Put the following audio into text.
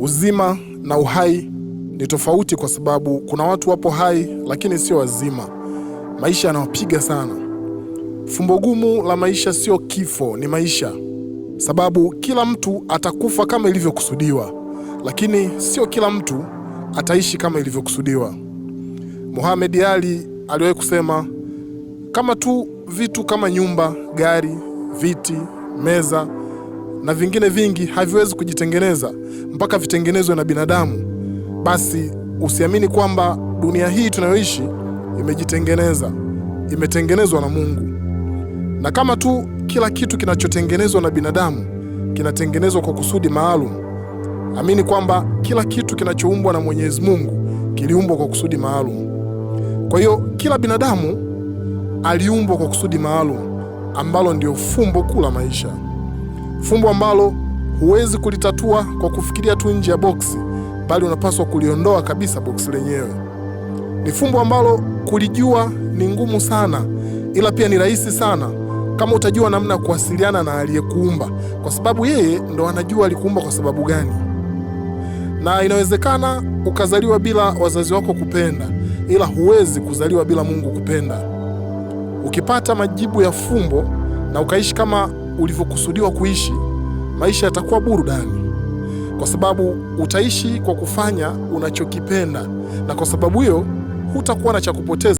Uzima na uhai ni tofauti, kwa sababu kuna watu wapo hai lakini sio wazima. Maisha yanawapiga sana. Fumbo gumu la maisha sio kifo, ni maisha, sababu kila mtu atakufa kama ilivyokusudiwa, lakini sio kila mtu ataishi kama ilivyokusudiwa. Muhammad Ali aliwahi kusema kama tu vitu kama nyumba, gari, viti, meza na vingine vingi haviwezi kujitengeneza mpaka vitengenezwe na binadamu, basi usiamini kwamba dunia hii tunayoishi imejitengeneza, imetengenezwa na Mungu. Na kama tu kila kitu kinachotengenezwa na binadamu kinatengenezwa kwa kusudi maalum, amini kwamba kila kitu kinachoumbwa na Mwenyezi Mungu kiliumbwa kwa kusudi maalum. Kwa hiyo kila binadamu aliumbwa kwa kusudi maalum ambalo ndio fumbo kuu la maisha, fumbo ambalo huwezi kulitatua kwa kufikiria tu nje ya boksi, bali unapaswa kuliondoa kabisa boksi lenyewe. Ni fumbo ambalo kulijua ni ngumu sana, ila pia ni rahisi sana kama utajua namna ya kuwasiliana na aliyekuumba, kwa sababu yeye ndo anajua alikuumba kwa sababu gani. Na inawezekana ukazaliwa bila wazazi wako kupenda, ila huwezi kuzaliwa bila Mungu kupenda. Ukipata majibu ya fumbo na ukaishi kama ulivyokusudiwa kuishi, maisha yatakuwa burudani, kwa sababu utaishi kwa kufanya unachokipenda, na kwa sababu hiyo hutakuwa na cha kupoteza.